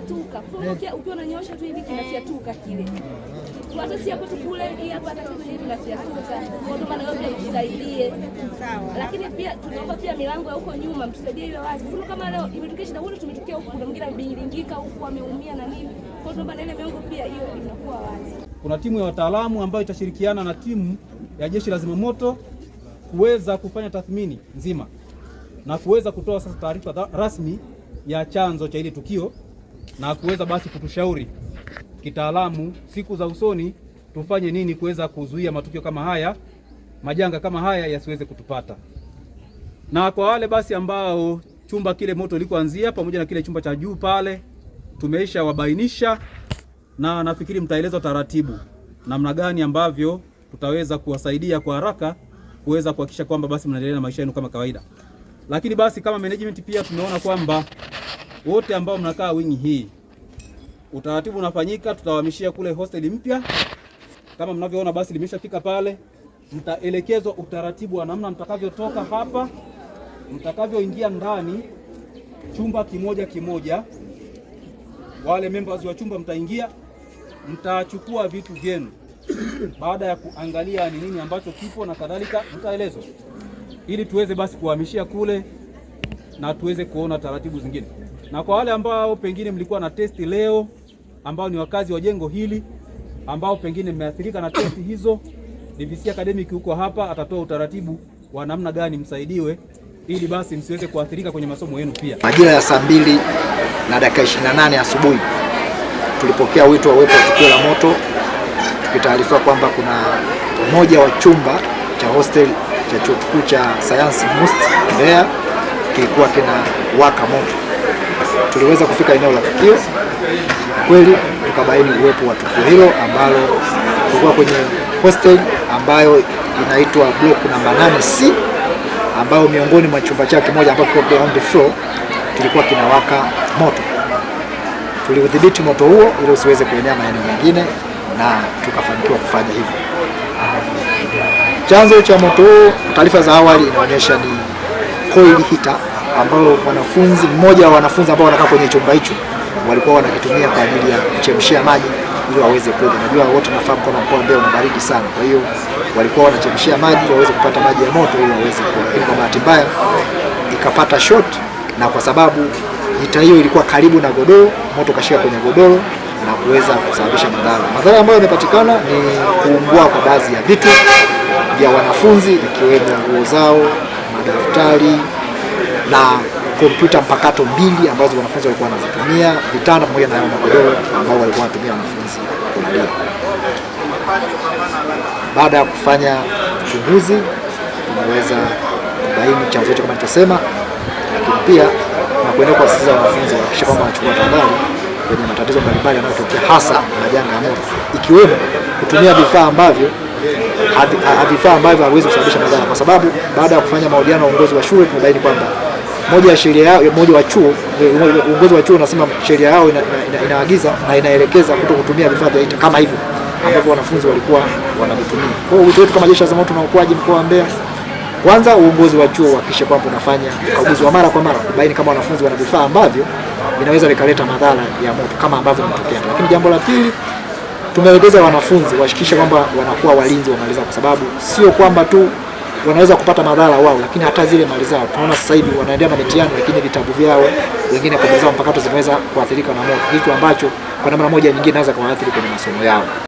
kinafyatuka kufurukia, ukiwa unanyosha tu hivi kinafyatuka kile, Kwa hata si hapo kule, hii hapa hata kama hivi kinafyatuka. Kwa ndio maana yote itusaidie, sawa. Lakini pia tunaomba pia milango ya huko nyuma mtusaidie ile wazi, Kuna kama leo imetokea shida, wote tumetokea huko, kuna mwingine amebingirika huko ameumia na nini, kwa ndio maana ile milango pia hiyo inakuwa wazi. Kuna timu ya wataalamu ambayo itashirikiana na timu ya jeshi la zimamoto kuweza kufanya tathmini nzima na kuweza kutoa sasa taarifa rasmi ya chanzo cha ile tukio na kuweza basi kutushauri kitaalamu siku za usoni tufanye nini kuweza kuzuia matukio kama haya, majanga kama haya yasiweze kutupata. Na kwa wale basi ambao chumba kile moto likoanzia pamoja na kile chumba cha juu pale tumeisha wabainisha, na nafikiri mtaelezwa taratibu namna gani ambavyo tutaweza kuwasaidia kwa haraka kuweza kuhakikisha kwamba basi mnaendelea na maisha yenu kama kawaida. Lakini basi kama management pia tumeona kwamba wote ambao mnakaa wingi hii. Utaratibu unafanyika, tutawahamishia kule hosteli mpya. Kama mnavyoona basi limeshafika pale, mtaelekezwa utaratibu wa namna mtakavyotoka hapa, mtakavyoingia ndani chumba kimoja kimoja. Wale members wa chumba mtaingia, mtachukua vitu vyenu baada ya kuangalia ni nini ambacho kipo na kadhalika, mtaelezwa ili tuweze basi kuhamishia kule na tuweze kuona taratibu zingine. Na kwa wale ambao pengine mlikuwa na testi leo ambao ni wakazi wa jengo hili ambao pengine mmeathirika na testi hizo, DVC Academic huko hapa atatoa utaratibu wa namna gani msaidiwe ili basi msiweze kuathirika kwenye masomo yenu. Pia majira ya saa mbili na dakika 28 asubuhi tulipokea wito wa uwepo wa tukio la moto, tukitaarifiwa kwamba kuna mmoja wa chumba cha hostel cha chuo kikuu cha sayansi MUST Mbeya kilikuwa kina waka moto. Tuliweza kufika eneo la tukio kweli, tukabaini uwepo wa tukio hilo ambalo kulikuwa kwenye hostel ambayo inaitwa block namba 8C, ambayo miongoni mwa chumba chake kimoja ambacho kilikuwa ground floor kilikuwa kinawaka moto. Tuliudhibiti moto huo ili usiweze kuenea maeneo mengine na tukafanikiwa kufanya hivyo. Chanzo cha moto huo, taarifa za awali inaonyesha ni coil heater ambao wanafunzi mmoja wa wanafunzi ambao wanakaa kwenye chumba hicho walikuwa wanakitumia kwa ajili ya kuchemshia maji ili waweze kuoga. Najua wote nafahamu kwamba mkoa wa Mbeya una baridi sana, kwa hiyo walikuwa wanachemshia maji waweze kupata maji ya moto ili waweze kuoga, lakini kwa bahati mbaya ikapata short, na kwa sababu hita hiyo ilikuwa karibu na godoro, moto kashika kwenye godoro na kuweza kusababisha madhara. Madhara ambayo yamepatikana ni kuungua kwa baadhi ya vitu vya wanafunzi ikiwemo nguo zao, madaftari na kompyuta mpakato mbili ambazo wanafunzi walikuwa wanazitumia, vitanda pamoja na hayo magodoro ambao walikuwa wanatumia wanafunzi kulalia. Baada ya kufanya uchunguzi, tumeweza kubaini chanzo hicho kama nilichosema, lakini pia na kuendelea kuwasisitiza wanafunzi wahakikishe kwamba wanachukua tahadhari kwenye matatizo mbalimbali yanayotokea hasa majanga ya moto, ikiwemo kutumia vifaa ambavyo vifaa ambavyo haviwezi kusababisha madhara, kwa sababu baada ya kufanya mahojiano na uongozi wa shule tumebaini kwamba moja ya sheria yao, moja wa chuo, uongozi wa chuo unasema sheria yao inaagiza ina, ina, ina na inaelekeza kuto kutumia vifaa vya kama hivyo ambavyo wanafunzi walikuwa wanavitumia. Kwa hiyo wito wetu kama Jeshi la Zimamoto na Uokoaji mkoa wa Mbeya, kwanza uongozi wa chuo uhakikishe kwamba unafanya ukaguzi wa mara kwa mara kubaini kama wanafunzi wana vifaa ambavyo vinaweza vikaleta madhara ya moto kama ambavyo imetokea. Lakini jambo la pili tumeelekeza wanafunzi wahakikishe kwamba wanakuwa walinzi wa mali zao, kwa sababu sio kwamba tu wanaweza kupata madhara wao, lakini hata zile mali zao. Tunaona sasa hivi wanaendelea na mitihani, lakini vitabu vyao wengine kwa zao mpakato zimeweza kuathirika na moto, kitu ambacho kwa namna moja nyingine naweza kuwaathiri kwenye masomo yao.